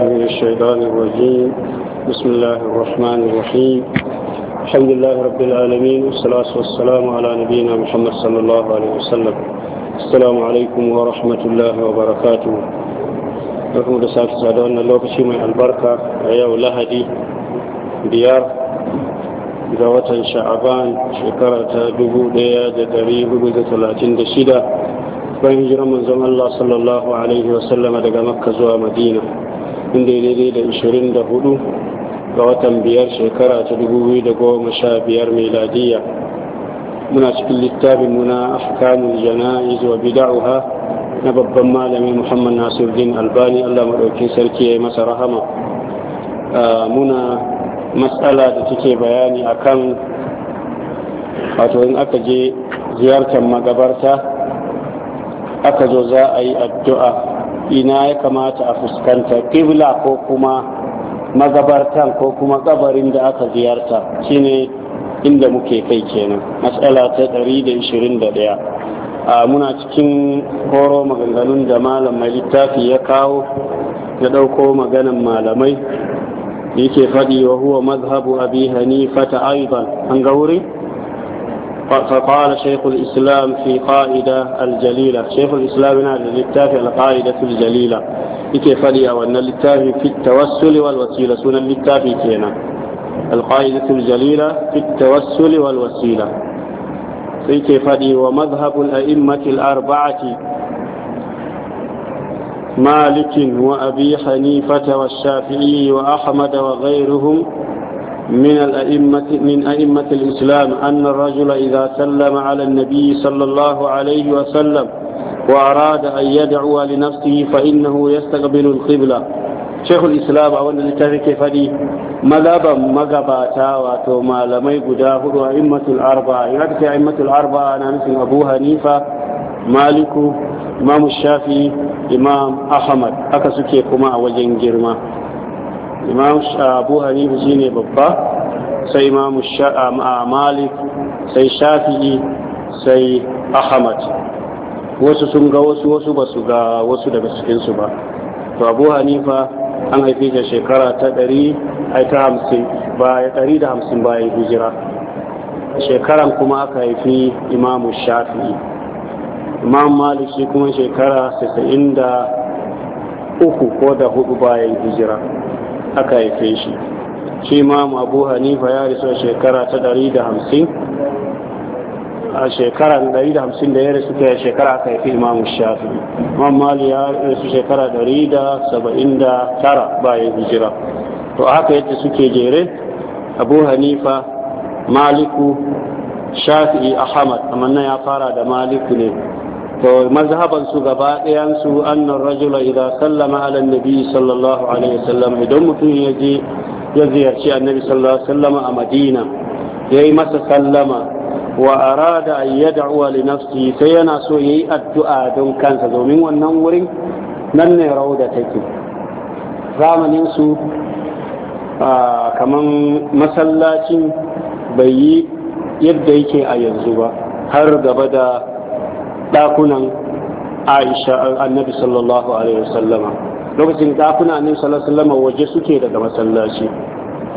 من الشيطان الرجيم بسم الله الرحمن الرحيم الحمد لله رب العالمين والصلاة والسلام على نبينا محمد صلى الله عليه وسلم السلام عليكم ورحمة الله وبركاته رحمة الله سعادة أن الله كشي من البركة أيو لهدي بيار دوة شعبان شكرة دبو ديا دريه بذلاتين دشيدة فهجر من زمن الله صلى الله عليه وسلم دقى مكة زوى مدينة wanda daidai da 24 ga watan biyar shekara ta sha 2015 meladiya muna cikin littafin muna afkanul jana'iz wa bida'uha na babban malami muhammad nasiruddin albani allah maɗauki sarki ya yi masa rahama muna matsala da take bayani akan wato in aka je ziyartar magabarta aka zo za a yi addu'a ina ya kamata a fuskanta kibla ko kuma magabartan ko kuma kabarin da aka ziyarta shine inda muke kai kenan matsala ta 121 a muna cikin horo maganganun da malam mai littafi ya kawo ya ɗauko maganan malamai yake faɗi wa huwa mazhabu abi hanifa ta aiban an ga wuri فقال شيخ الإسلام في قائدة الجليلة شيخ الإسلام هنا للتافع القائدة الجليلة إكي فدي وأن للتافي في التوسل والوسيلة سنة للتافه كينا القائدة الجليلة في التوسل والوسيلة إكي فدي ومذهب الأئمة الأربعة مالك وأبي حنيفة والشافعي وأحمد وغيرهم من الأئمة من أئمة الإسلام أن الرجل إذا سلم على النبي صلى الله عليه وسلم وأراد أن يدعو لنفسه فإنه يستقبل القبلة شيخ الإسلام أولا لتذكي فدي مذهبا مغباتا واتو مالمي قداه أئمة الأربعة يعرف أئمة الأربعة أنا مثل أبو هنيفة مالك إمام الشافعي إمام أحمد أكسكي كما وجن جرما imam abu hanifa shine babba sai imam malik sai shafi'i sai ahmad wasu sun ga wasu wasu ba su ga wasu daga cikinsu ba to abu hanifa an haife shi shekara ta ɗari ta hamsin ɗari da hamsin bayan hijira shekaran kuma aka haifi Imam shafi'i imam malik shi kuma shekara 63 ko da hudu bayan hijira aka haife shi shi ma abu hanifa ya riso shekara ta 150 a shekarar 150 da ya rasu ta shekara aka haifi imam shafi imam mali ya rasu shekara 179 bayan hijira to haka yadda suke jere abu hanifa maliku shafi'i ahmad amma nan ya fara da maliku ne to mazhaban su gaba ɗayan su annan rajula idan sallama ala nabi sallallahu alaihi wasallam idan mutum ya je ya ziyarci annabi sallallahu alaihi wasallam a madina ya yi masa sallama wa arada an yad'u uwa linafsi sai yana so ya yi addu'a don kansa domin wannan wurin nan ne rauda take zamanin su kamar masallacin bai yi yadda yake a yanzu ba har gaba da Dakunan aisha annabi sallallahu alaihi wasallama lokacin dakunan annabi sallallahu alaihi wasallama waje suke daga masallaci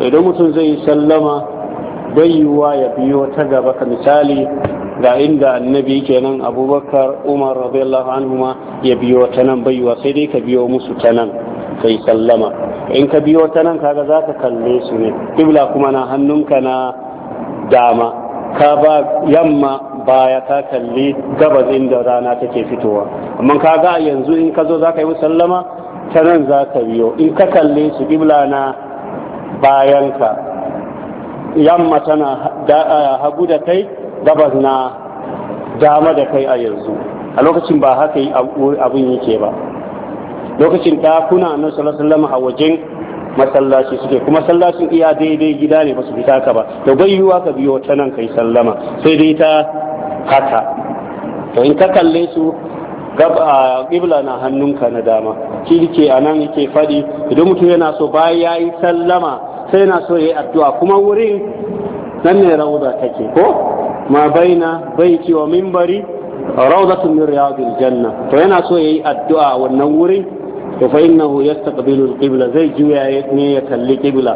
idan mutum zai yi sallama baiwa ya biyo ta gaba ka misali ga inda annabi kenan abubakar umar radiyallahu anhuma ya biyo ta nan baiwa sai dai ka biyo musu ta nan kai sallama in ka biyo ta nan kaga zaka kalle su ne kibla kuma na hannunka na dama ka ba yamma baya ta kalli gabas da rana take fitowa amma ka ga yanzu in ka zo za ka yi musallama ta nan za ka biyo in ka kalli su kibla na bayanka yamma tana hagu da kai gabas na dama da kai a yanzu a lokacin ba haka yi abin yake ba lokacin ta kuna na sallallahu a wajen masallaci suke kuma sallacin iya daidai gida ne ba su fita ka ba to bai yiwuwa ka biyo ta nan kai sallama sai dai ta haka to in ka kalle su ƙibla na hannunka na dama shi ke a nan yake faɗi idan mutum yana so bayan ya yi sallama sai yana so ya yi addu'a kuma wurin nan ne rauda take ko ma baina baiti wa mimbari rawdatun min riyadil janna to yana so ya yi addu'a wannan wurin to fa innahu yastaqbilu al-qibla zai juya ne ya kalli qibla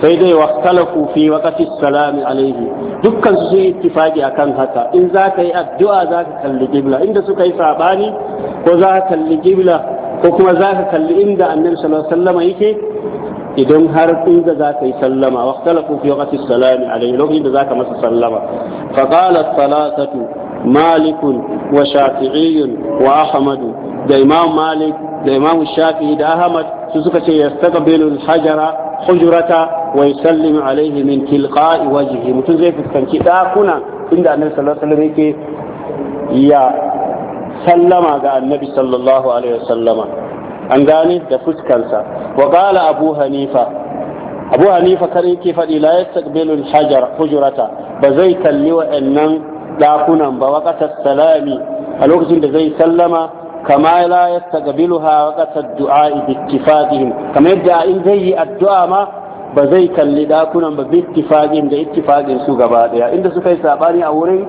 sai dai waktalafu fi waqti salami alaihi dukkan su sun ittifaqi akan haka in za ka yi addu'a za ka kalli qibla inda suka yi sabani ko za ka kalli qibla ko kuma za ka kalli inda annabi sallallahu alaihi wasallam yake idan har inda za ka yi sallama waktalafu fi waqti salami alaihi lokacin da za ka masa sallama fa qalat salatatu مالك وشافعي وأحمد da imam malik da imam shafi da ahmad su suka ce yastaqbilu al-hajara hujrata wa yusallimu alaihi min tilqa'i wajhihi mutum zai fuskanci dakuna inda annabi sallallahu alaihi wasallam yake ya sallama ga annabi sallallahu alaihi wasallama an gane da fuskansa wa qala abu hanifa abu hanifa kare yake faɗi la yastaqbilu hajar hujrata ba zai kalli wa'annan dakunan ba waqata salami a lokacin da zai sallama kama la yastaqbiluha waqata du'a bi ittifaqihim kamar yadda in zai yi addu'a ma ba zai kalli dakunan ba bi ittifaqin da ittifaqin su gaba daya inda suka yi sabani a wurin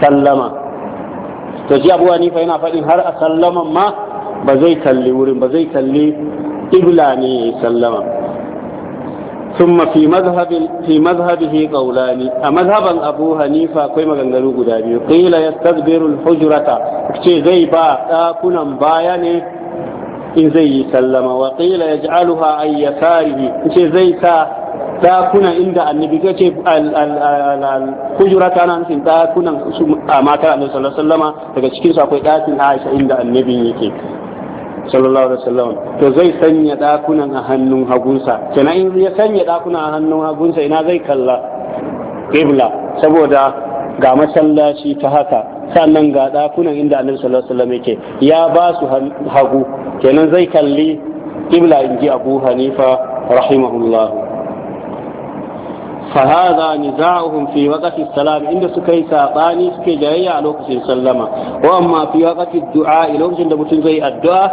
sallama to ji abu hanifa yana fadin har a sallaman ma ba zai kalli wurin ba zai kalli ibla ne ya yi sallama ثم في مذهب في مذهبه قولان مذهبا ابو حنيفه akwai maganganu guda biyu qila yastadbiru al-hujrata ce zai ba dakunan baya ne in zai yi sallama wa qila yaj'aluha ay yasarihi ce zai sa dakuna inda annabi ya ce al hujurata na nufin dakunan su a matar annabi sallallahu alaihi wasallama daga cikin su akwai dakin Aisha inda annabin yake sallallahu alaihi wasallam to zai sanya dakunan a hannun hagunsa kenan in ya sanya dakunan a hannun hagunsa ina zai kalla qibla saboda ga masallaci ta haka sannan ga ɗakunan inda annabi sallallahu alaihi wasallam yake ya ba su hagu kenan zai kalli qibla inji ji abu hanifa rahimahullah fa hadha niza'uhum fi waqti salam inda suka yi sabani suke jayayya a lokacin sallama wa amma fi waqti du'a lokacin da mutum zai addu'a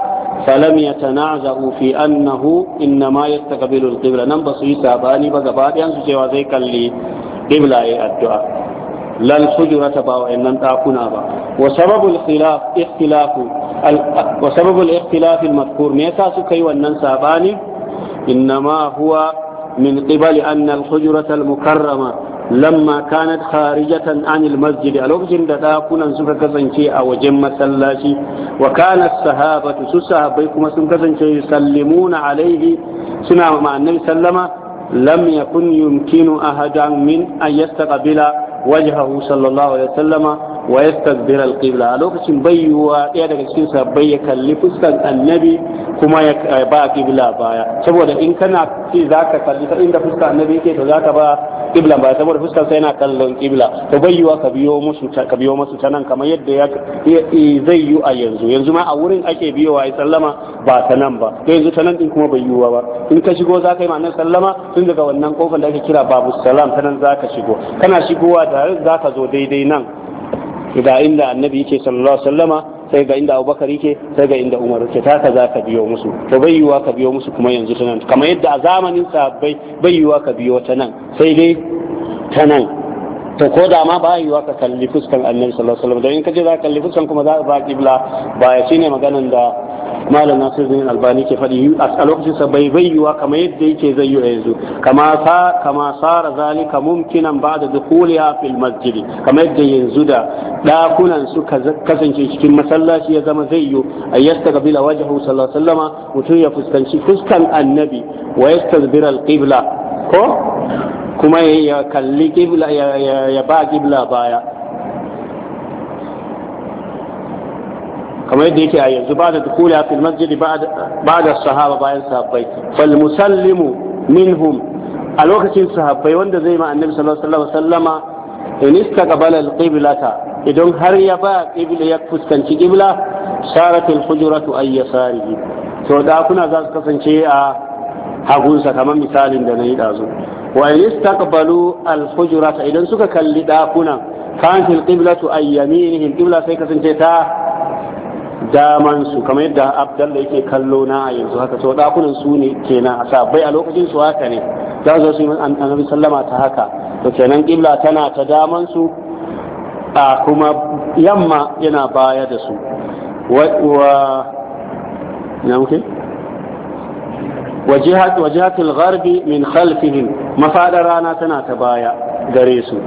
annahu al-qibla nan ba su yi sabani ba gaba ɗayan su cewa zai kalli qibla قبلة addu'a. lal hujurata ba wa'annan dakuna ba wa sababul khilaf ikhtilaf wa sababul ikhtilaf al madhkur me yasa suka yi wannan sabani innama huwa min qibali anna al hujurata al mukarrama lamma kanat kharijatan anil masjid a lokacin da dakunan suka kasance a wajen masallaci wa kana sahabatu su sahabbai kuma sun kasance sallimuna alaihi suna ma annabi sallama lam yakun yumkinu ahadan min an yastaqbila Wajaka kubusa lallawa ya wa yastadbira alqibla a lokacin bayyuwa ɗaya daga cikin sabbai ya kalli fuskan annabi kuma ya eh, ba qibla baya saboda in kana ce zaka kalli ta inda fuskan annabi yake to zaka ba qibla baya saboda fuskan sa yana kallon qibla to bayyuwa ka biyo musu ka biyo musu ta nan kamar yadda ya zai yi a yanzu yanzu ma a wurin ake biyowa ya sallama ba ta nan ba to yanzu ta nan din kuma bayyuwa ba in ka shigo zaka yi ma nan sallama tun daga wannan kofar da ake kira babu salam ta nan zaka shigo kana shigowa tare zaka zo daidai nan ga inda annabi yake sallallahu alaihi wasallama sai ga inda abubakar yake sai ga inda umar yake ta kaza ka biyo musu to bai yiwuwa ka biyo musu kuma yanzu ta nan kamar yadda a zamanin sahabbai bai yiwuwa ka biyo ta nan sai dai ta nan to ko da ma ba yiwa ka kalli fuskan annabi sallallahu alaihi wasallam don in ka je za ka kalli fuskan kuma za ka ba kibla ba ya shine maganan da malam nasir bin albani ke faɗi a lokacin sa bai bai yiwa kamar yadda yake zai yi yanzu kama sa kama sara zalika mumkinan ba'da dukhuliha fil masjid kamar yadda yanzu da dakunan su kasance cikin masallaci ya zama zai yi a yastaqbila wajhu sallallahu alaihi wasallama mutum ya fuskanci fuskan annabi wa yastadbira al qibla ko kuma ya kalli kibla ya ba kibla baya kamar yadda yake a yanzu ba da a filmar jiri ba da sahaba bayan sahabbai fal musallimu minhum a lokacin sahabbai wanda zai ma annabi sallallahu alaihi wasallama in istaqbala al qiblata idan har ya ba qibla ya fuskanci qibla saratul hujuratu ay yasarihi to kuna za su kasance a hagunsa kamar misalin da na yi ɗazu. wa yastaqbalu al-hujurat idan suka kalli ɗakunan kan fil qiblatu ayyaminihim qibla sai kasance ta daman su kamar yadda abdalla yake kallo na yanzu haka to dakunan su ne kenan a sabai a lokacin su haka ne za su su annabi sallama ta haka to kenan qibla tana ta daman su a kuma yamma yana baya da su wa na muke wajihatul gharbi min khalfihim mafadar rana tana ta baya gare su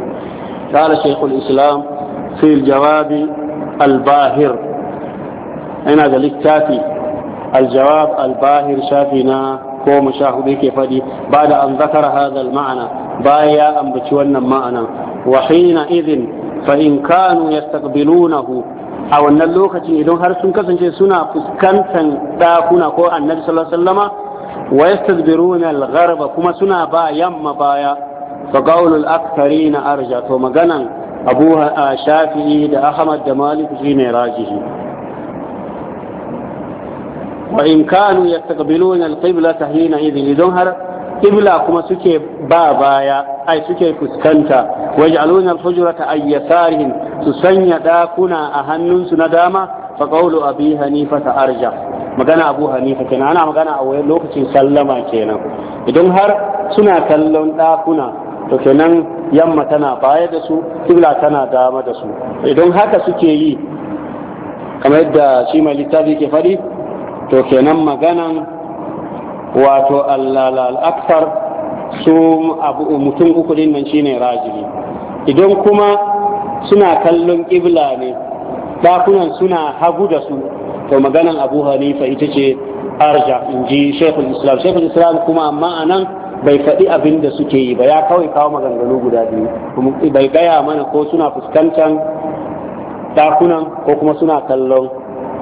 kala shaykhul islam fi jawabi al ina da littafi al-jawab al-bahir shafi na koma sha hudu ke fadi ba da an zakar hadal ma'ana baya ya ambaci wannan ma'ana wa hina idin fa in kanu yastaqbilunahu a wannan lokacin idan har sun kasance suna fuskantan dakuna ko annabi sallallahu wa yastadbiruna al-gharba kuma suna ba yamma baya fa qawlul aktharina arja to maganan abu uh, shafi'i da ahmad da malik shine rajihi wa in kanu yastaqbiluna al-qiblata hina idhin idan har qibla kuma suke ba baya ai suke fuskanta waj'aluna al-hujrata ay su sanya dakuna a hannunsu na dama fa qawlu abi hanifa arja magana abu hanifa kenan ana magana a wayan lokacin sallama kenan idan har suna kallon ɗakuna to kenan yamma tana baya da su kibla tana dama da su idan haka suke yi kamar yadda shi mai littafi ke faɗi to kenan maganan wato allalal aksar su abu mutum uku din nan shine rajili idan kuma suna kallon kibla ne ɗakunan suna hagu da su to maganan abu hanifa ita ce arja in ji shekul islam shekul islam kuma amma a nan bai faɗi abin da suke yi ba ya kawai kawo maganganu guda biyu bai gaya mana ko suna fuskantar dakunan ko kuma suna kallon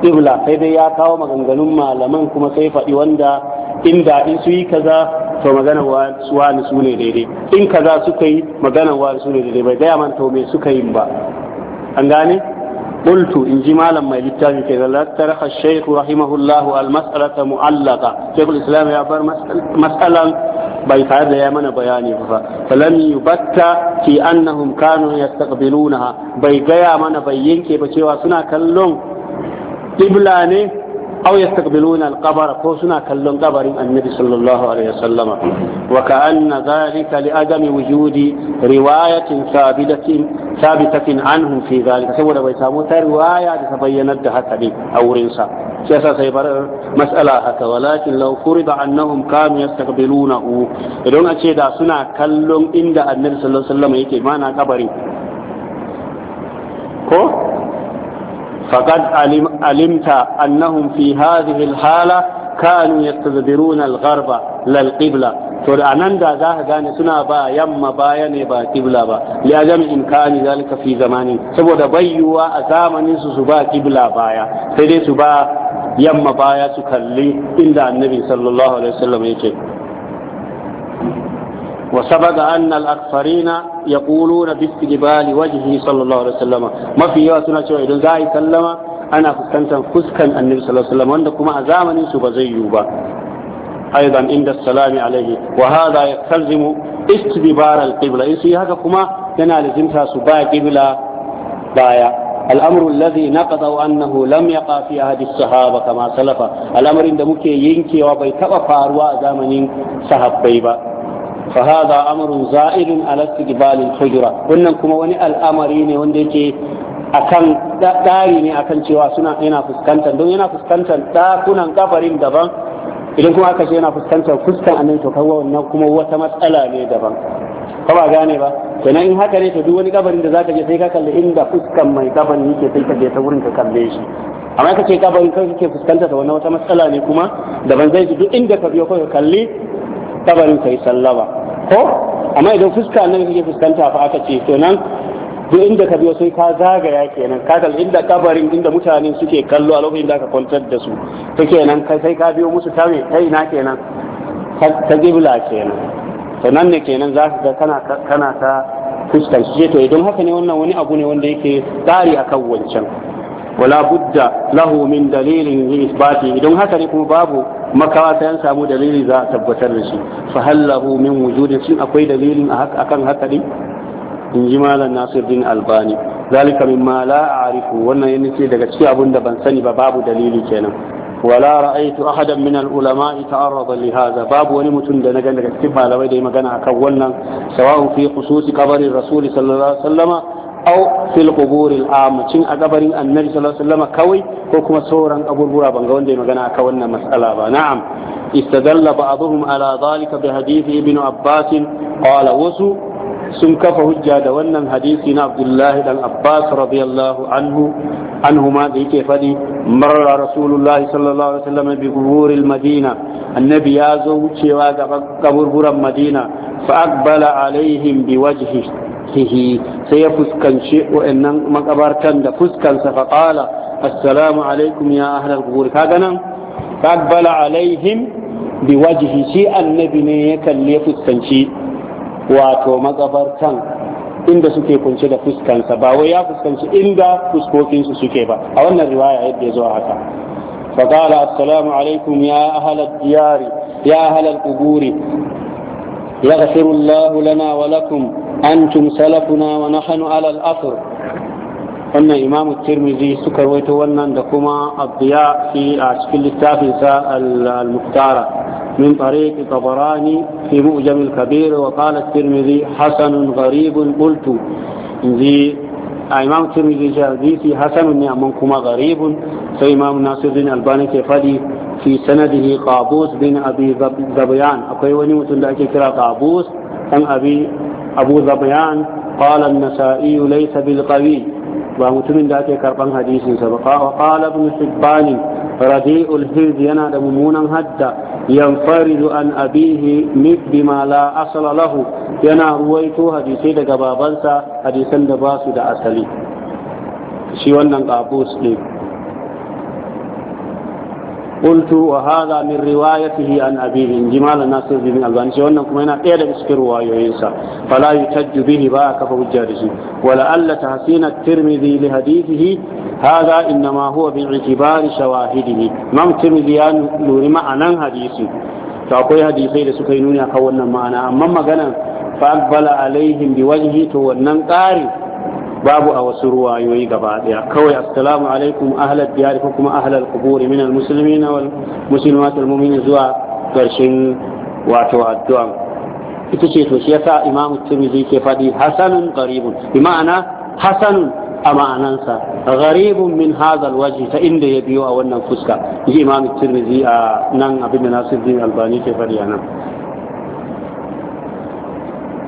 ibla sai dai ya kawo maganganun malaman kuma sai faɗi wanda inda in su yi kaza to magana wani su ne daidai in kaza suka yi magana wani su ne daidai bai gaya man to me suka yi ba an gane قلت إن جمالا ما يلتاج كذا لا ترخ الشيخ رحمه الله المسألة معلقة شيخ الإسلام يعبر مسألة بيت هذا يا من بياني فلم يبت في أنهم كانوا يستقبلونها بيت يا من بيينك كيف سنة كلهم قبلاني aw ko suna kallon kabarin annabi sallallahu alaihi wasallam wa ka'anna adami wujudi riwayatin sabidatin saboda bai samu ta riwaya da ta bayyana da haka ne a wurin yasa sai bar mas'ala haka walakin law idan a da suna kallon inda yake kabari ko فقد علم علمت أنهم في هذه الحالة كانوا يستدبرون الغرب لا القبلة فالأنان دا ذاه غاني سنا با يم با يني با قبلة با لأجم إمكان ذلك في زماني سبو دا بيوا أزامن سبا قبلة بايا سيدي سبا يم بايا سكالي إلا النبي صلى الله عليه وسلم يتكلم وسبق أن الأكثرين يقولون باستقبال وجهه صلى الله عليه وسلم ما في يواتنا شوى إذن زاي سلم أنا فسكنت فسكن النبي صلى الله عليه وسلم وأنكما أزامن سبزيوبا أيضا عند السلام عليه وهذا يستلزم استدبار القبلة إسي هذا كما ينال زمتها سباء قبلة بايا الأمر الذي نقضه أنه لم يقع في أحد الصحابة كما سلف الأمر عندما ينكي وبيتبقى فاروا زمن صحابي fa hadha amrun za'idun ala istiqbal al-hujra wannan kuma wani al'amari ne wanda yake akan dari ne akan cewa yana fuskantar don yana fuskantar dakunan kafarin daban idan kuma aka ce yana fuskantar fuskan annabi to kawo wannan kuma wata matsala ne daban ka ba gane ba kenan in haka ne to duk wani kabarin da zaka je sai ka kalli inda fuskan mai sai ka je wurin ka kalle shi amma ka ce kabarin kai kake fuskanta da wannan wata matsala ne kuma daban zai ji duk inda ka biyo kalli kabarin yi sallama ko amma idan fuska nan kake fuskanta fa aka ce to nan duk inda ka biyo sai ka zagaya kenan ka kal inda kabarin inda mutane suke kallo a lokacin da aka kwantar da su to kenan kai sai ka biyo musu ta me kai na kenan ta gibla kenan to nan ne kenan za ka ga kana kana ta fuskanci, to idan haka ne wannan wani abu ne wanda yake tsari akan wancan wala budda lahu min dalilin li isbati idan haka kuma babu makawa sai samu dalili za a tabbatar da shi fa hal lahu min wujudin shin akwai dalilin akan haka ne in ji malam nasiruddin albani zalika mimma la a'rifu wannan yana ce daga cikin abin da ban sani ba babu dalili kenan wala ra'aytu ahadan min al-ulama ta'arrada li hadha babu wani mutum da na ga daga cikin malamai da ya magana akan wannan sawa'un fi khususi qabri rasul sallallahu au fil quburil amcin a kabarin annabi sallallahu alaihi wasallam kawai ko kuma sauran abubuwa banga wanda ya magana akan wannan mas'ala ba na'am istadalla ba'dhum ala zalika bi hadisi ibn abbas qala wasu sun kafa hujja da wannan hadisi na abdullahi dan abbas radiyallahu anhu anhuma da yake fadi marra rasulullahi sallallahu alaihi wasallam bi quburil madina annabi ya zo wucewa ga kaburburan madina fa aqbala alaihim bi wajihi. fihi sai ya fuskanci waɗannan makabartan da fuskansa fa qala ya ahli al-qubur kaga nan taqbala alaihim bi wajihi shi annabi ne ya kalle fuskanci wato makabartan inda suke kunce da fuskansa ba ya fuskanci inda fuskokin suke ba a wannan riwaya yadda ya zo haka fa qala assalamu alaikum ya ahli al يغفر الله لنا ولكم أنتم سلفنا ونحن على الأثر أن إمام الترمذي سكر ويتولنا عندكما الضياء في أشكال التافزة المختارة من طريق طبراني في مؤجم الكبير وقال الترمذي حسن غريب قلت ذي إمام الترمذي جاء حسن نعمكما غريب فإمام ناصر الدين الباني كفدي fi qabus bin abi zabyan akwai wani mutum da ake kira qabus dan abu zabyan qala an-nasa'i laysa bil qawi ba mutumin da ake karban hadisinsa ba qala ibn hibban radi'ul hild yana da mummunan hadda yanfaridu an abihi bima la asala lahu yana ruwaito hadisai daga babansa hadisan da basu da asali shi wannan qabus din قلت وهذا من روايته عن أبيه جمال الناصر بن الباني وأنه كما هنا قيل بسكر وينسى فلا يحتج به باك فوجارسي ولعل تحسين الترمذي لحديثه هذا إنما هو باعتبار شواهده ما الترمذي لوري معنى حديثي فأقول حديثي لسكينوني أقول معنى أما مغنى فأقبل عليهم بوجهه تو ونن قاري babu a wasu ruwayoyi gaba daya kawai assalamu alaikum ahlal diyar ko kuma ahlal quburi min al muslimina wal muslimat al mu'minin zuwa karshen wato addu'a ita ce to shi yasa imamu tirmidhi ke fadi hasanun qaribun bi ma'ana hasanun a ma'anansa gharibun min hadha al ta inda ya biyo a wannan fuska ji imamu tirmidhi a nan abinda nasiruddin albani ke fadi a nan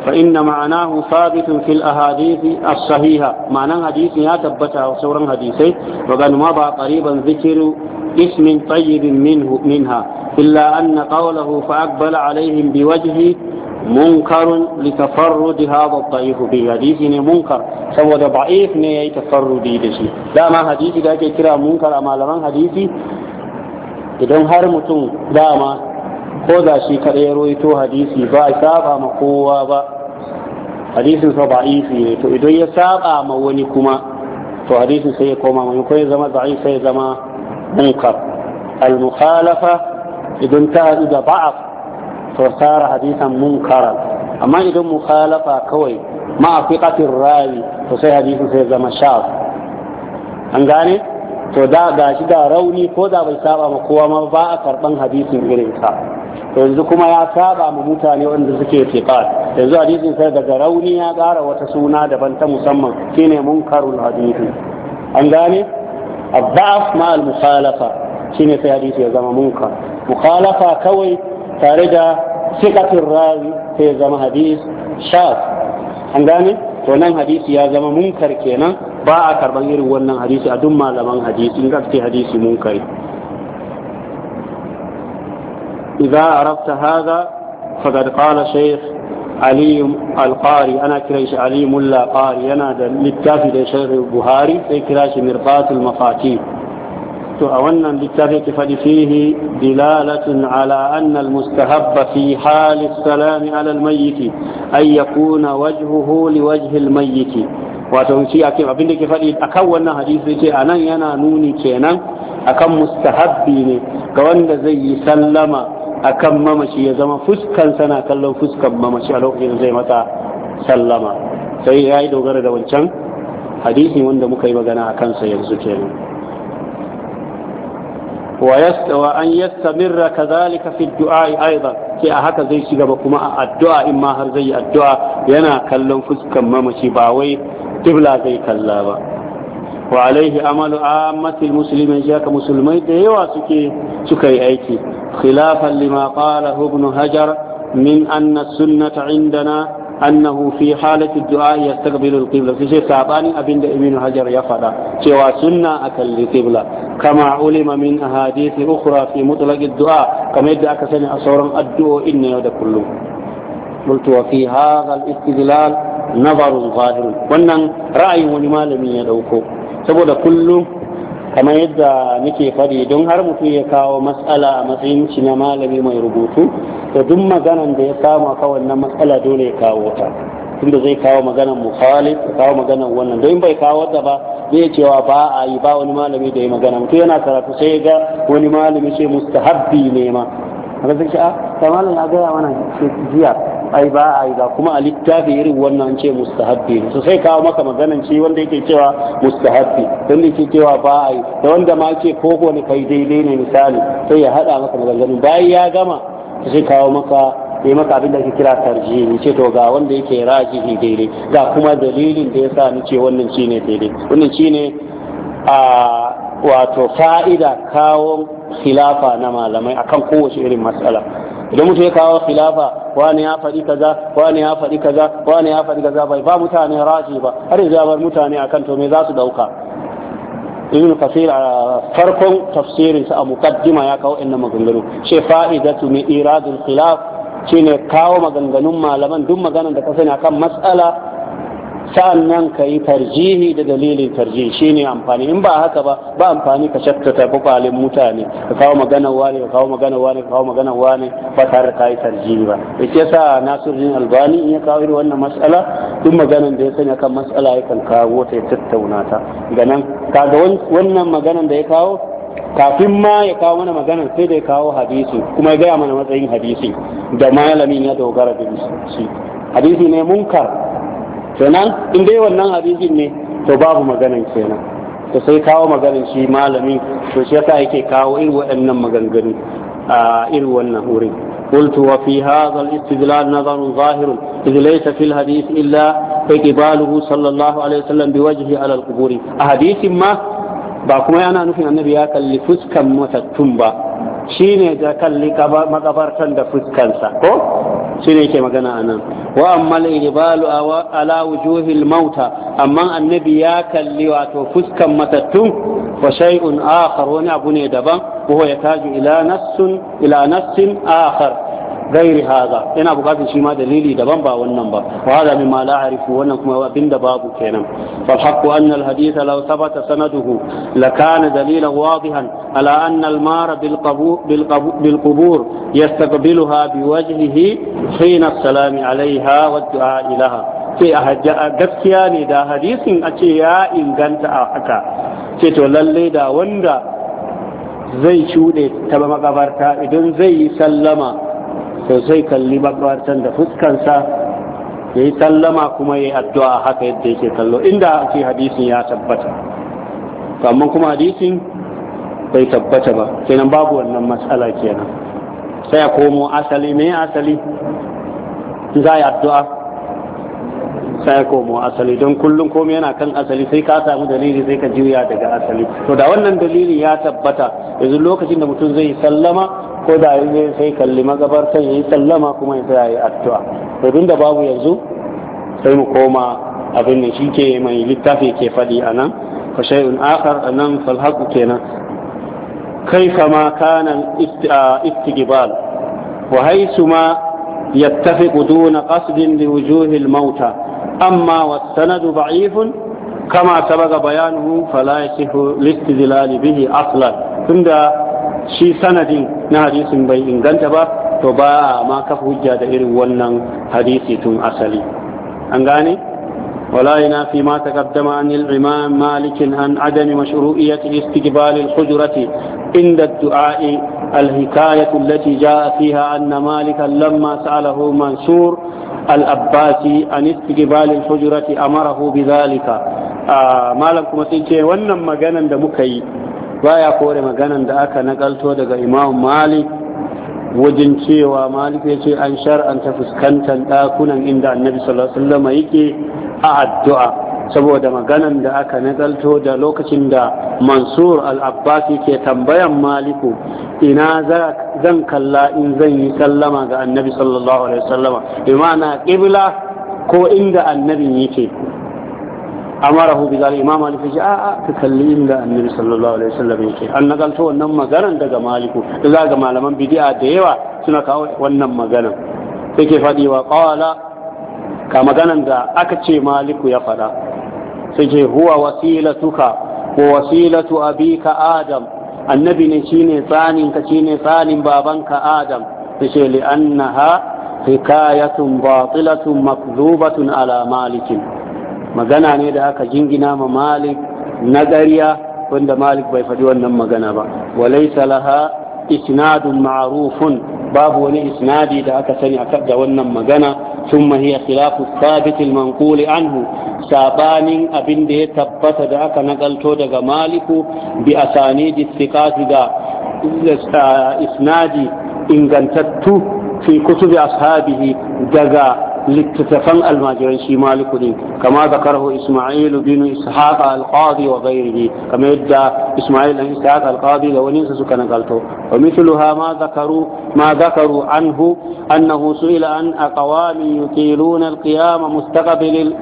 فإن معناه ثابت في الأحاديث الصحيحة معنى حديث يا تبتع وصورا حديثي وقد مضى قريبا ذكر اسم طيب منه منها إلا أن قوله فأقبل عليهم بوجهه منكر لتفرد هذا الضعيف به حديث منكر سوى ضعيف ني تفردي دشي لا ما حديث ذاك كرا منكر أما a malaman hadisi idan har mutum dama ko da shi kada ya roito hadisi ba saba ma kowa ba hadisin sa da'ifi ne to idan ya saba ma wani kuma to hadisin sai ya koma ko ya zama da'if sai ya zama munkar al-mukhalafa idan ta hadu da ba'af to sara hadisan munkaran amma idan mukhalafa kawai ma fiqatir rawi to sai hadisin sai ya zama shaf an gane to da gashi da rauni ko da bai saba ma kowa ma ba a karban hadisin irin sa yanzu kuma ya saba mu mutane wanda suke fiqat yanzu hadisin sai daga rauni ya ƙara wata suna daban ta musamman shine munkarul hadisi an gane الضعف مع المخالفة شنو في حديث يا زما منكر مخالفة كوي تاردا ثقة الراوي في زما حديث شاذ عندنا wannan hadisi ya zama munkar kenan ba a karban irin wannan hadisi a duk malaman hadisi in ka hadisi munkari إذا عرفت هذا فقد قال شيخ علي القاري أنا كريش علي ملا قاري أنا للتافي شيخ البهاري في كريش مرقات المفاتيح أولا للتافي كفدي فيه دلالة على أن المستهب في حال السلام على الميت أن يكون وجهه لوجه الميت wato shi ake abin da ke faɗi akan wannan hadisi ce a nan yana nuni kenan akan mustahabbi ne ga wanda zai yi sallama akan mamaci ya zama fuskansa na kallon fuskan mamaci a lokacin zai matsa sallama sai ya yi dogara da wancan hadisi wanda muka yi magana a kansa yanzu kenan wa an yastamirra kadhalika fi du'a aidan sai a haka zai ci gaba kuma a addu'a in ma har zai yi addu'a yana kallon fuskan mamaci ba wai kibla zai kalla ba wa alaihi amalu ammatil muslimin shi haka musulmai da yawa suke suka yi aiki khilafan lima qala ibn hajar min anna sunnata indana annahu fi halati du'a yastaqbilu al-qibla fi shay sabani abinda ibn hajar ya fada cewa sunna akan qibla kama ulima min ahadith ukhra fi mutlaq ad-du'a kama yadda aka sani a sauran addu'o'in na da kullum قلت وفي هذا الاستدلال نظر ظاهر wannan ra'ayin wani malami ya dauko saboda kullum kamar yadda nake faɗi don har mutum ya kawo matsala a matsayin shi na malami mai rubutu da duk maganan da ya samu a wannan matsala dole ya kawo ta tunda zai kawo maganan mukhalif ya kawo maganan wannan don bai kawo ta ba zai cewa ba a yi ba wani malami da ya magana mutu yana karatu sai ga wani malami sai mustahabbi ne ma haka sai a ah, kamalan ya gaya mana jiya ai ba ai ba kuma a littafi irin wannan ce mustahabbi to sai kawo maka maganan shi wanda yake cewa mustahabbi wanda yake cewa ba ai da wanda ma ko koko ne kai daidai ne misali sai ya hada maka maganganu bayan ya gama sai kawo maka yi maka abin da ake kira ne ce to ga wanda yake ne daidai ga kuma dalilin da ya sa ni ce wannan ne daidai wannan ne a ah, wato fa'ida kawo khilafa na malamai akan kowace irin matsala idan mutum ya kawo khilafa wani ya faɗi kaza wani ya faɗi kaza wani ya faɗi kaza bai ba mutane raji ba har yanzu ya bar mutane akan to me za su dauka ibn kafir a farkon tafsirin sa a muqaddima ya kawo inna maganganu ce fa'idatu min iradul khilaf shine kawo maganganun malaman duk maganar da ka sani akan matsala sa'an nan ka yi tarjihi da dalilin tarjihi shi ne amfani in ba haka ba ba amfani ka shakkata kwalin mutane ka kawo magana wani ka kawo magana wani ka kawo magana wani ba tare da ka yi tarjihi ba da ke sa nasirin albani in ya kawo irin wannan matsala duk maganan da ya sani akan matsala ya kan kawo ta ya tattauna ta ga nan kaga wannan maganan da ya kawo kafin ma ya kawo mana maganan sai da ya kawo hadisi kuma ya gaya mana matsayin hadisi da malamin ya dogara da shi hadisi ne munkar kenan in dai wannan hadisin ne to babu maganan kenan to sai kawo maganan shi malamin to shi yasa yake kawo irin wannan maganganu a irin wannan hore qultu wa fi hadha al-istidlal zahirun idh laysa fil hadith illa ikbaluhu sallallahu alaihi wasallam bi wajhi ala al-qubur ahadithin ma ba kuma yana nufin annabi ya kalli fuskan matattun ba shine da kalli kaba da fuskan sa ko shi yake magana a nan wa ammal ala wujuhil mauta amma annabi ya kalli wato fuskan matattun wa shay'un akhar wani abu ne daban ko ya taju ila nassin ila nassin akhar gairi haza yana bukatar shi ma dalili daban ba wannan ba wa hada mimma la arifu wannan kuma abinda babu kenan fal haqqu anna al hadith law thabata sanaduhu la kana dalilan wadihan ala anna al mar bil qabur bil qubur yastaqbiluha bi wajhihi hina as-salam alayha ilaha sai a gaskiya ne da hadisin a ce ya inganta a haka ce to lallai da wanda zai shuɗe ta makabarta idan zai yi sallama to sai kalli makabartan da fuskansa ya yi sallama kuma ya yi addu'a haka yadda yake kallo inda ake hadisin ya tabbata amma kuma hadisin bai tabbata ba kenan babu wannan matsala kenan sai ya komo asali me asali za a yi addu'a sai ya komo asali don kullum komai yana kan asali sai ka samu dalili sai ka juya daga asali to da wannan dalili ya tabbata yanzu lokacin da mutum zai sallama ko da sai kalli magabartan sai yi sallama kuma ya yi addu'a to tun da babu yanzu sai mu koma abin da shi ke mai littafi ke faɗi a nan fa shay'un akhar anan fal haqu kenan kaifa ma kana istiqbal wa haysuma yattafiqu duna qasdin li wujuhi al mauta amma wasanadu sanadu da'ifun kama sabaga bayanuhu fala yasihu listidlal bihi aslan tunda shi sanadin na hadisin bai inganta ba to ba ma kafa hujja da irin wannan hadisi tun asali an gane ولا ينافي ما تقدم عن الإمام مالك عن عدم مشروعية استقبال الحجرة عند الدعاء الحكاية التي جاء فيها أن مالكا لما سأله منصور الأباسي عن استقبال الحجرة أمره بذلك آه سيكي دمكي baya kore maganan da aka nakalto daga imam malik wajen cewa malik ya ce an shar'anta fuskantar ɗakunan inda annabi sallallahu alaihi yake a addu'a saboda maganan da aka nakalto da lokacin da mansur al-abbasi ke tambayan maliku ina zan kalla in zan yi sallama ga annabi sallallahu alaihi wasallama imana qibla ko inda annabin yake amarahu bi zalika imam malik ji a'a ka kalli inda annabi sallallahu alaihi wasallam yake an to wannan maganan daga maliku da za ga malaman bid'a da yawa suna kawo wannan maganan ke fadi wa qala ka maganan da aka ce maliku ya fada sai ce huwa wasilatuka ko wasilatu abika adam annabi ne shine tsanin ka shine tsanin babanka adam sai ce li annaha hikayatun batilatun makzubatun ala malikin magana ne da aka jingina ma malik na wanda malik bai faɗi wannan magana ba walaisa salaha isnadun ma'rufun babu wani isnadi da aka sani a da wannan magana sun hiya khilafu thabit al anhu sabanin abin da ya tabbata da aka nakalto daga maliku bi a thiqati da isnadi ingantattu fi kutubi ashabihi daga لتتفن الماجرين شي مالك دين كما ذكره إسماعيل بن إسحاق القاضي وغيره كما يدى إسماعيل بن إسحاق القاضي لو ننسى سكان قالته ومثلها ما ذكروا ما ذكروا عنه أنه سئل عن أقوام يطيلون القيام مستقبل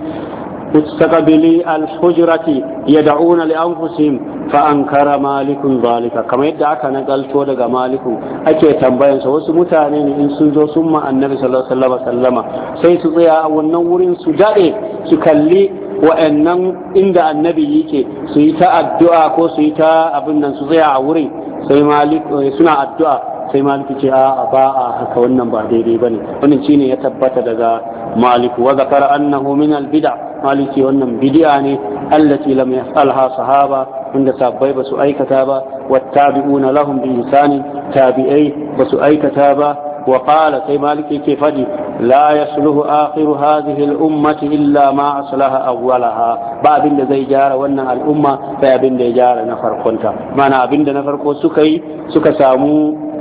مستقبلي الحجرة يدعون لأنفسهم فأنكر مالك ذلك كما يدعى كان قال تولى مالك أكي تنبين سوى متانين إن سنجو ثم النبي صلى الله عليه وسلم سيسطيع والنور سجاري سكلي wa'annan inda annabi yake su yi ta addu'a ko su yi ta abin nan su tsaya a wurin sai malik suna addu'a sai maliki ce a ba a haka wannan ba daidai bane wannan shine ya tabbata daga maliku wa zakara annahu min al bid'a maliki wannan bid'a ne allati lam yaf'alha sahaba wanda sabbai basu aikata ba wattabi'una lahum bi ihsani tabi'ai basu aikata ba wa qala sai maliki ke fadi la yasluhu akhiru hadhihi al ummati illa ma aslaha awwalaha ba abin da zai gyara wannan al'umma sai abin da ya gyara na farkonta mana abin da na farko suka yi suka samu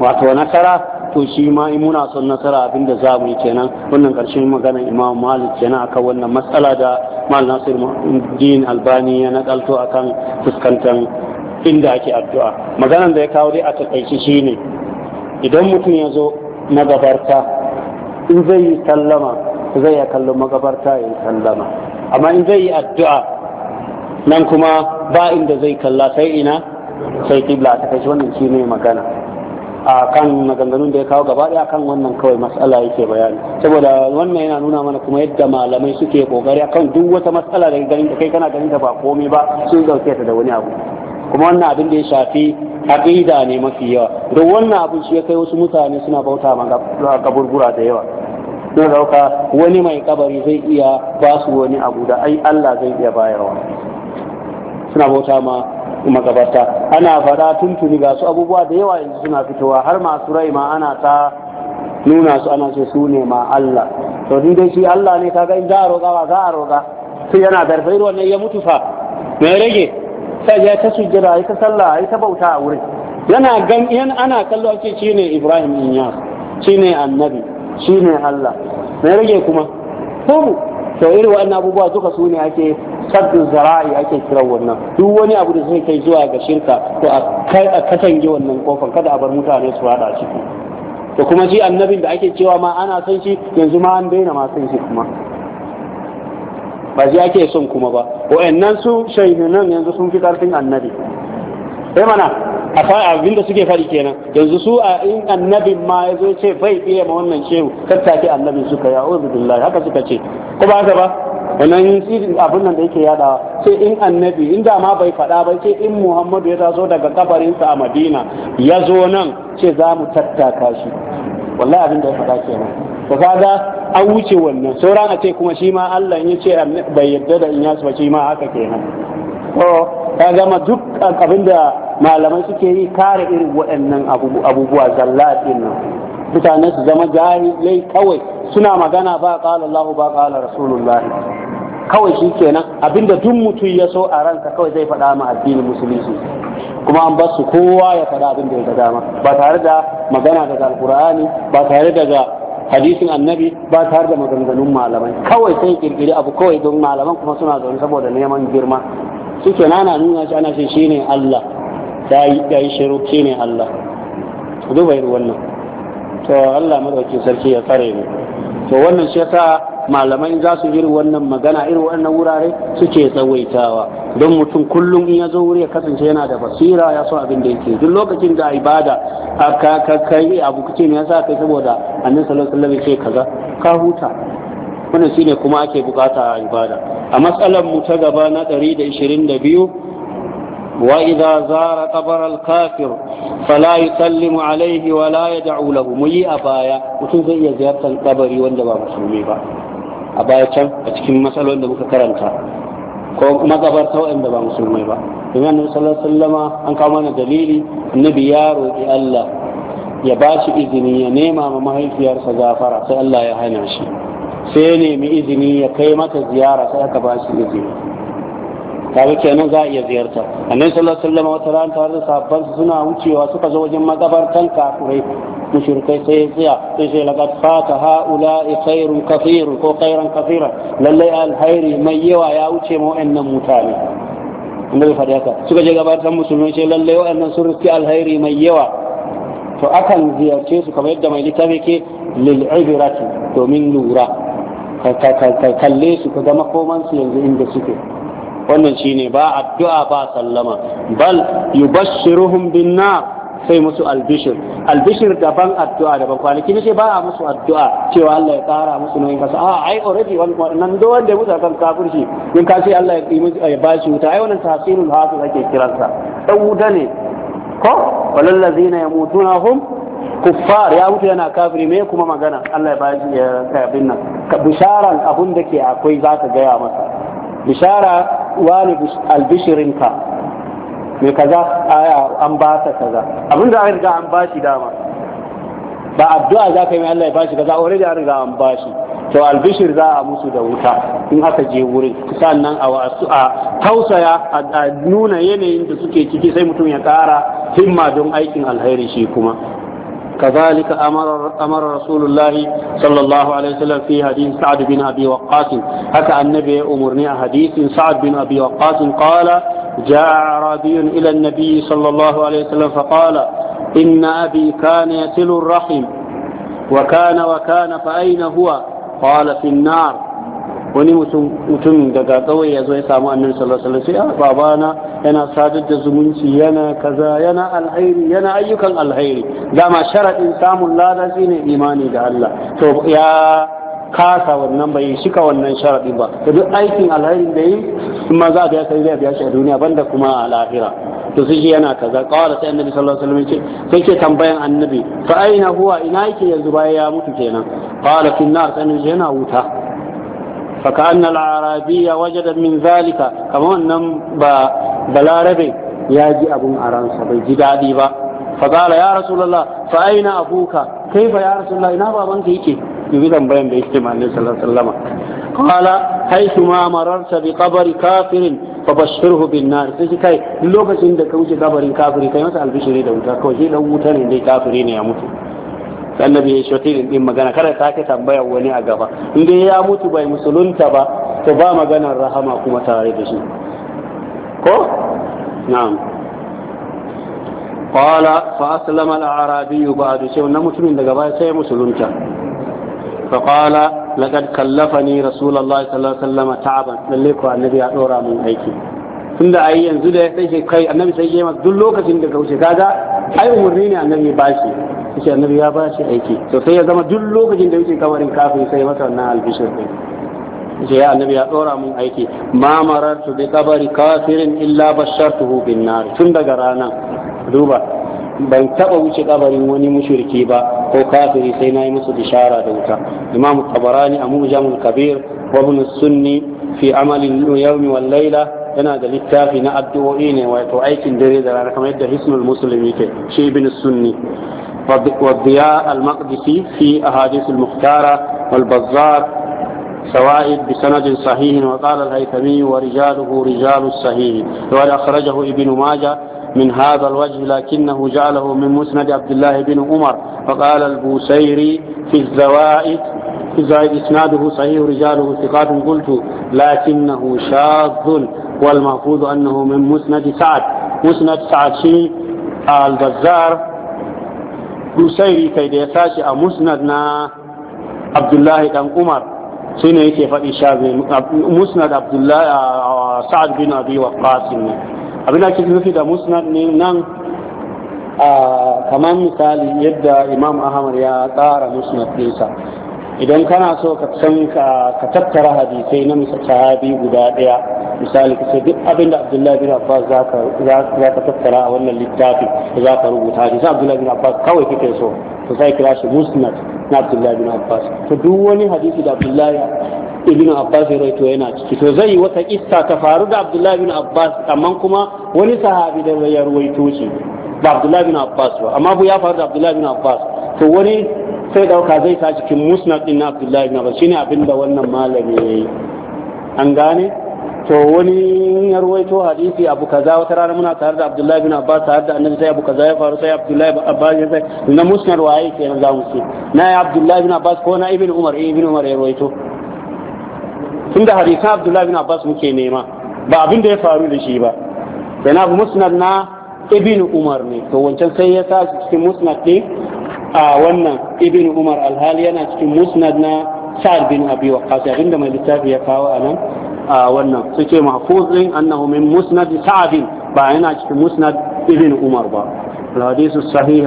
wato nasara to shi ma in muna son nasara abinda za mu yi kenan wannan karshen maganar imam malik kenan akan wannan matsala da mal nasir din albani ya nakalto akan fuskantar inda ake addu'a Maganin da ya kawo dai a takaice shine idan mutum ya zo magabarta in zai yi sallama zai ya kallon magabarta ya yi sallama amma in zai yi addu'a nan kuma ba inda zai kalla sai ina sai kibla a kai wannan shi ne magana a kan maganganun da ya kawo gaba daya kan wannan kawai matsala yake bayani saboda wannan yana nuna mana kuma yadda malamai suke kokari akan duk wata matsala da ganin da kai kana ganin da ba komai ba sun dauke ta da wani abu kuma wannan abin da ya shafi aqida ne mafi yawa don wannan abu shi ya kai wasu mutane suna bauta ma kaburbura da yawa don dauka wani mai kabari zai iya basu wani abu da ai Allah zai iya bayarwa suna bauta ma magabata ana fada tuntuni ga su abubuwa da yawa yanzu suna fitowa har masu rai ma ana ta nuna su ana ce su ne ma Allah to din dai shi Allah ne kaga in za a roga ba za a roga sai yana garfai wannan ya mutu fa me rage sai ya ta sujjada ai ta sallah ai ta bauta a wurin yana gan yan ana kallo ake shine Ibrahim ya shine annabi shine Allah me rage kuma ko to irin wannan abubuwa duka su ne ake sabbin zara'i ake kiran wannan duk wani abu da zai kai zuwa ga shirka to a kai a katange wannan kofar, kada a bar mutane su rada ciki to kuma shi annabin da ake cewa ma ana son shi yanzu ma an daina ma son shi kuma ba zai ake son kuma ba wa'annan su shaidunan yanzu sun fi karfin annabi sai eh mana a abin da suke faɗi kenan yanzu su a in annabin ma ya zo ce bai iya ma wannan shehu tattake annabin suka ya'udhu billahi haka suka ce ko ba haka ba wannan abin nan da yake yadawa sai in annabi in da ma bai faɗa ba sai in muhammadu ya taso daga kabarinsa a madina ya zo nan ce za mu tattaka shi wallahi abin da ya faɗa kenan to kaga an wuce wannan sauran a ce kuma shi ma Allah ya ce bai yarda da in yasu ba shi ma haka kenan to ka gama duk abin da malamai suke yi kare irin waɗannan abubuwa zalla nan mutane su zama jahilai kawai suna magana ba qala Allah ba kala Rasulullah kawai shi kenan abinda duk mutum ya so a ranka kawai zai faɗa ma addinin musulunci kuma an basu kowa ya faɗa abin da ya dama ba tare da magana daga alkur'ani ba tare daga hadisin annabi ba tare da maganganun malamai kawai sai kirkiri abu kawai don malaman kuma suna zaune saboda neman girma suke ke nana nuna shi ana shi shine Allah ya yi shiru shine Allah zuba irin wannan to Allah madauki sarki ya tsare mu to wannan shi yasa malamai za su yi wannan magana irin wannan wurare suke tsawaitawa don mutum kullum in ya zo wuri ya kasance yana da basira ya so abin da yake duk lokacin da ibada aka ka kai abu kace ne yasa kai saboda annabi sallallahu alaihi wasallam ya kaza ka huta wannan shine kuma ake bukata a ibada a matsalar mu ta gaba na 122 وإذا زار قبر الكافر فلا يسلم عليه ولا يدعو له مي أبايا وتن زي زيارة القبر وندبا مسلمي با أبايا كم أتكلم مسألة وندبا كرنتا ko magabarta waɗanda ba musulmai ba don annabi sallallahu alaihi wasallama an kawo mana dalili na ya roƙi Allah ya ba shi izini ya nema ma mahaifiyarsa gafara sai Allah ya hana shi sai ya nemi izini ya kai mata ziyara sai aka ba shi izini kaga kenan za a iya ziyarta annabi sallallahu alaihi wasallam wata ran tare da sahabban suna wucewa suka zo wajen makabartan kafirai mushrikai sai ya tsaya sai sai laqad fata haula'i khairun kathirun ko khairan kathira lalle alhairi mai yawa ya wuce mu wa'annan mutane annabi faɗi haka suka je gabatar musulmai sai lalle wa'annan sun riski alhairi mai yawa to akan ziyarce su kamar yadda mai littafi ke lil domin lura ka kalle su ka ga makomansu yanzu inda suke wannan shine ba addu'a ba sallama bal yubashshiruhum bin nar sai musu albishir albishir daban addu'a daban kwanaki nace ba a musu addu'a cewa Allah ya kara musu nauyin kasa a ai already wannan do wanda ya mutu kan kafirci in ka sai Allah ya ba shi wuta ai wannan tahsinul hasu ake kiransa dan wuta ne ko walal mutu yamutuna hum kuffar ya mutu yana kafiri me kuma magana Allah ya ba shi ya abin nan bisharan abun da ke akwai zaka gaya masa bishara wani albishirinka mai kaza aya an ba ta kaza abin da an riga an ba shi dama ba addu'a za ka yi Allah ya bashi kaza already an riga an bashi to albishir za a musu da wuta in aka je wurin sannan a wasu a tausaya a nuna yanayin da suke ciki sai mutum ya kara himma don aikin alheri shi kuma كذلك أمر, أمر رسول الله صلى الله عليه وسلم في حديث سعد بن أبي وقاص حكى النبي أمرني حديث سعد بن أبي وقاص قال جاء أعرابي إلى النبي صلى الله عليه وسلم فقال إن أبي كان يسل الرحم وكان وكان فأين هو قال في النار wani mutum daga kauye ya zo ya samu annabi sallallahu alaihi wasallam sai ah, babana yana sadar da zumunci yana kaza yana alhairi yana ayyukan alhairi dama sharaɗin samun lada ne imani da Allah to ya kasa wannan bai shika wannan sharaɗin ba to duk aikin alhairi da yi kuma za a biya sai zai biya shi a duniya banda kuma a lahira to sai yana kaza qala sai annabi sallallahu alaihi wasallam sai ke tambayan annabi fa aina huwa ina yake yanzu bayan ya mutu kenan qala fi nar sai yana wuta فكأن العربي وجد من ذلك كما أنم بالعربي ياجي أبو عران صبي جدادي با فقال يا رسول الله فأين أبوك كيف يا رسول الله إنا بابنك إيكي يريد أن بين باجتماع النبي صلى الله عليه وسلم قال حيثما مررت بقبر كافر فبشره بالنار sai kai lokacin da ka wuce kabarin kafiri kai masa albishiri da wuta kawai shi dan wuta ne dai kafiri ne ya mutu annabi ya shoti din din magana kada ta ke tambayar wani a gaba in dai ya mutu bai musulunta ba to ba maganar rahama kuma tare da shi ko na'am qala fa aslama al-arabi ba'du shi wannan mutumin daga baya sai musulunta fa qala laqad kallafani rasulullahi sallallahu alaihi wasallam ta'aban lalle ko annabi ya dora mun aiki tunda ai yanzu da ya dace kai annabi sai yayi duk lokacin da wuce kaga ai umurni ne annabi ba shi sai annabi ya bashi aiki to sai ya zama duk lokacin da yake kabarin kafin sai masa wannan albishir din sai ya annabi ya tsora mun aiki ma marartu bi kabari kafirin illa bashartuhu bin nar tun daga ranan duba ban taba wuce kabarin wani mushriki ba ko kafiri sai nayi musu bishara da wuta imam tabarani a mujamul kabir wa ibn sunni fi amalin yawmi wal laila. yana da littafi na addu'o'i ne wato aikin dare da rana kamar yadda hisnul musulmi ke shi ibn والضياء المقدسي في أحاديث المختارة والبزار سوائد بسند صحيح وقال الهيثمي ورجاله رجال الصحيح وقال أخرجه ابن ماجه من هذا الوجه لكنه جعله من مسند عبد الله بن عمر وقال البوسيري في الزوائد الخزاعي إسناده صحيح رجاله ثقات قلت لكنه شاذ والمحفوظ أنه من مسند سعد مسند سعد شيء البزار نسيري كي يساشي مسندنا عبد الله بن عمر سنة كيف مسند عبد الله سعد بن أبي وقاص abin da ake nufi da musnad ne nan a kamar misali yadda imam ahmad ya tsara musnad ɗinsa idan kana so ka san ka tattara hadisai na sahabi guda daya misali ka duk abin da abdullahi bin abbas za ka tattara a wannan littafi za ka rubuta hadisi abdullahi bin abbas kawai kake so to sai kira shi musnad na abdullahi bin abbas to duk wani hadisi da abdullahi ibn abbas ya rawaito yana ciki to zai wata kissa ta faru da abdullahi bin abbas amma kuma wani sahabi da ya rawaito shi ba abdullahi bin abbas ba amma bu ya faru da abdullahi bin abbas to wani sai dauka zai ta cikin musnad din abdullahi ibn abbas shine abinda wannan malami yayi an gane to wani ya ruwaito hadisi abu kaza wata rana muna tare da abdullahi ibn abbas tare da annabi sai abu kaza ya faru sai abdullahi ibn abbas ya sai na musnad waye kenan za zamu ce na ya abdullahi ibn abbas ko na ibn umar eh, ibn umar ya ruwaito tunda hadisan abdullahi ibn abbas muke nema ba abin da ya faru da shi ba na abu musnad na ibn umar ne to wancan sai ya sa cikin musnad din a wannan ibn umar alhali yana cikin musnad na sa'ad bin abi waqqas abinda mai littafi ya kawo a nan a wannan su ce mahfuz din annahu min musnad sa'ad ba yana cikin musnad ibn umar ba الحديث الصحيح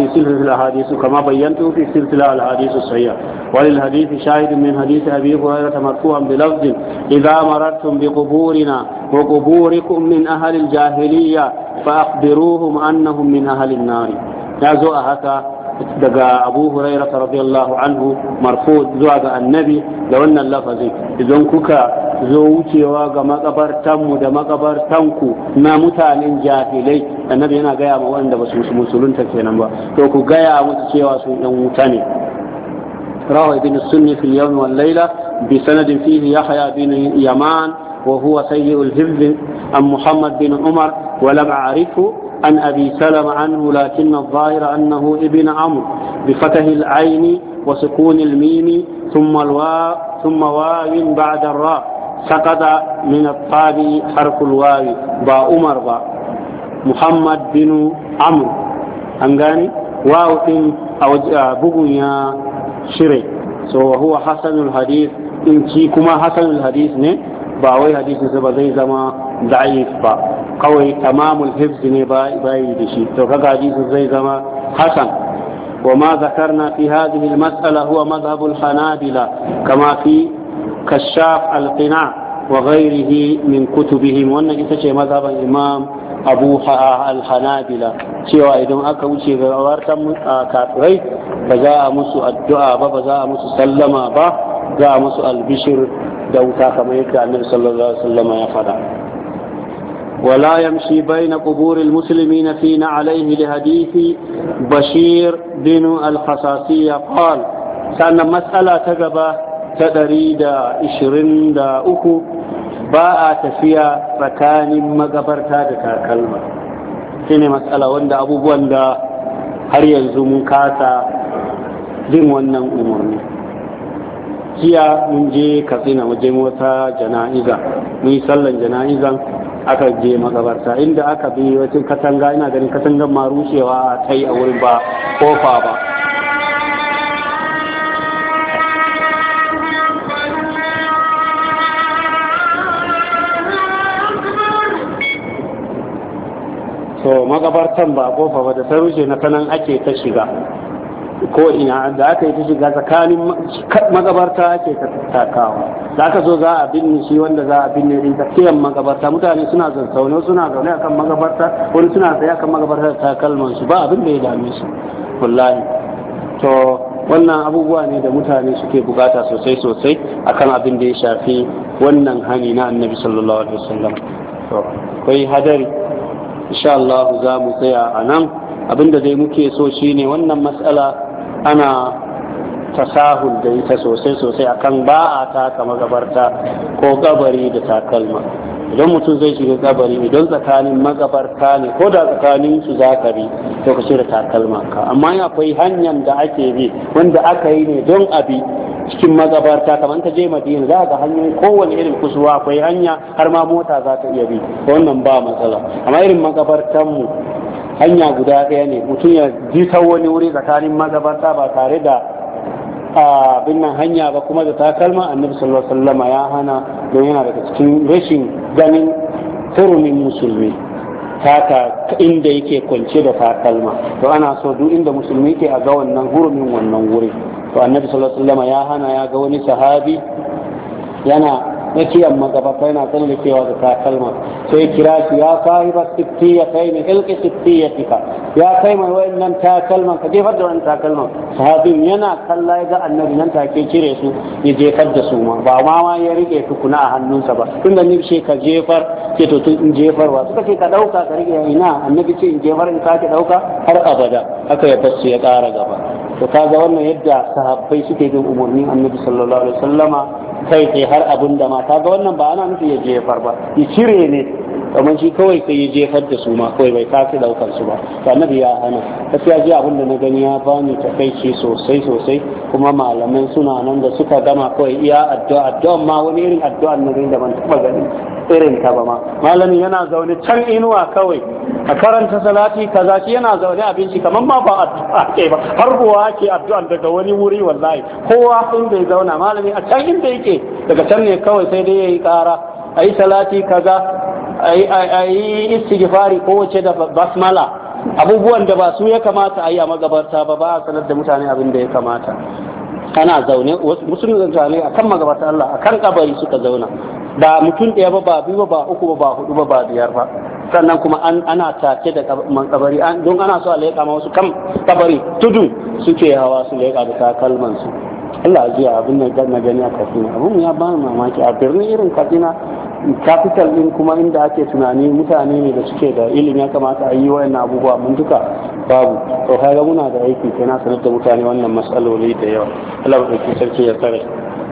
في سلسلة الأحاديث كما بينته في سلسلة الأحاديث الصحيحة وللحديث شاهد من حديث أبي هريرة مرفوعا بلفظ إذا مررتم بقبورنا وقبوركم من أهل الجاهلية فأخبروهم أنهم من أهل النار يا زوء هكا daga abu huraira radiyallahu anhu marfu zuwa ga annabi da wannan lafazi idan kuka zo wucewa ga makabartanmu da makabartanku na mutanen jahilai annabi yana gaya ma wanda ba su musulunta kenan ba to ku gaya musu cewa sun yan wuta ne rawa ibn sunni fil yawmi wal layla bi sanadin fihi yahya bin yaman وهو سيء الحفظ Muhammad bin Umar عمر ولم أعرفه عن أبي سلم عنه لكن الظاهر أنه ابن عمرو بفتح العين وسكون الميم ثم الواو ثم واو بعد الراء سقط من الطاب حرف الواو با عمر با محمد بن عمرو أنغاني واو أو بغنيا شري سو هو حسن الحديث in ci kuma hasanul hadis ne ba wai hadisin sa ba zai zama da'if ba kawai tamamul hifz ne bayi da shi to kaga hadisin zai zama hasan وما ذكرنا في هذه المسألة هو مذهب الحنابلة كما في كشاف القناع وغيره من كتبهم وأن إتشي مذهب الإمام أبو الحنابلة cewa idan aka wuce ga wartan kafirai ba za a musu addu'a ba ba za a musu sallama ba za a musu albishir da wuta kamar yadda ya faɗa ولا يمشي بين قبور المسلمين فينا عليه لحديث بشير بن الخصاصية قال سألنا مسألة تقبى تدريد إشرين دا أكو باء تفيا فكان مقبرتا دكا كلمة هنا مسألة واندا أبو واندا هر يلزم كاسا دين وانا أمرني jiya mun je katsina wajen wata jana'iza mun yi sallan jana'izan aka je makabarta inda aka bi wacin katanga ina ganin katangan ma rushewa ta yi a wurin ba kofa ba so makabartan ba kofa ba da sai rushe na sanan ake ta shiga ko ina da aka yi ta shiga tsakanin magabarta ke kawo da aka zo za a binne shi wanda za a binne din kiyan magabarta mutane suna zazzaune suna zaune akan magabarta wani suna tsaye akan magabarta da takalman su ba abin da ya dame su wallahi to wannan abubuwa ne da mutane suke bukata sosai sosai akan abin da ya shafi wannan hani na annabi sallallahu alaihi wasallam to kai hadari insha Allah za mu tsaya a nan abinda dai muke so shine wannan matsala ana tasahul da ita sosai sosai akan ba a taka magabarta ko gabari da takalma idan mutum zai shiga gabari idan tsakanin magabarta ne ko da tsakanin su zakari to ka da takalma ka amma akwai hanyar da ake bi wanda aka yi ne don abi cikin magabarta kamar ta je madina za ga hanyoyi kowane irin kusurwa akwai hanya har ma mota za ta iya bi wannan ba matsala amma irin magabartanmu hanya guda ɗaya ne mutum ya ji ta wani wuri tsakanin magabata ba tare da abin nan hanya ba kuma da takalma annabi sallallahu alaihi wasallam ya hana don yana daga cikin rashin ganin turumin musulmi taka inda yake kwance da takalma to ana so duk inda musulmi ke a ga wannan hurumin wannan wuri to annabi sallallahu alaihi ya hana ya ga wani sahabi yana na kiyan magabafa yana na da da takalma sai kira shi ya sahi ba sitti ya kai ni ilki sitti ya ya kai mai nan takalman ka jefar da wani takalman sahabin yana kalla ya ga annabi nan take cire su ya jefar da su ma ba ma ma ya rike tukuna a hannunsa ba tunda ni ce ka jefar ce to tun in jefarwa suka ce ka ɗauka ka rike ina annabi ce in jefar in sake ɗauka har abada haka ya fasu ya kara gaba to kaga wannan yadda sahabbai suke bin umarni annabi sallallahu alaihi wasallama kai sai har abin da ma ga wannan ba ana nufin ya jefar ba ki cire ne kamar shi kawai sai ya jefar da su ma kawai bai kafi daukar su ba to annabi ya hana gaskiya ji abin da na gani ya bani takaici sosai sosai kuma malaman suna nan da suka gama kawai iya addu'a addu'a ma wani irin addu'a na gani da ban taba gani irin ta ba ma malami yana zaune can inuwa kawai a karanta salati kaza shi yana zaune abinci kamar ma ba addu'a ke ba har kuwa ke addu'a daga wani wuri wallahi kowa sun bai zauna malami a can inda yake daga can ne kawai sai dai yayi kara ayi salati kaza a yi istighfari kowace da basmala abubuwan da ba su ya kamata ayi a magabarta ba ba a sanar da mutane abin da ya kamata ana zaune musulmi mutane a kan magabarta Allah a kan kabari suka zauna ba mutum ɗaya ba ba ba uku ba ba hudu ba ba biyar ba sannan kuma ana take da man kabari don ana so a leƙa ma wasu kan kabari tudu suke hawa su leƙa da su. Allah jiya abin da na gani a Katsina abin ya bani mamaki a birnin irin Katsina capital din kuma inda ake tunani mutane ne da suke da ilimi ya kamata a yi wayan abubuwa mun duka babu to kaga muna da aiki kenan sanar da mutane wannan matsaloli da yawa Allah ya sarki ya tsare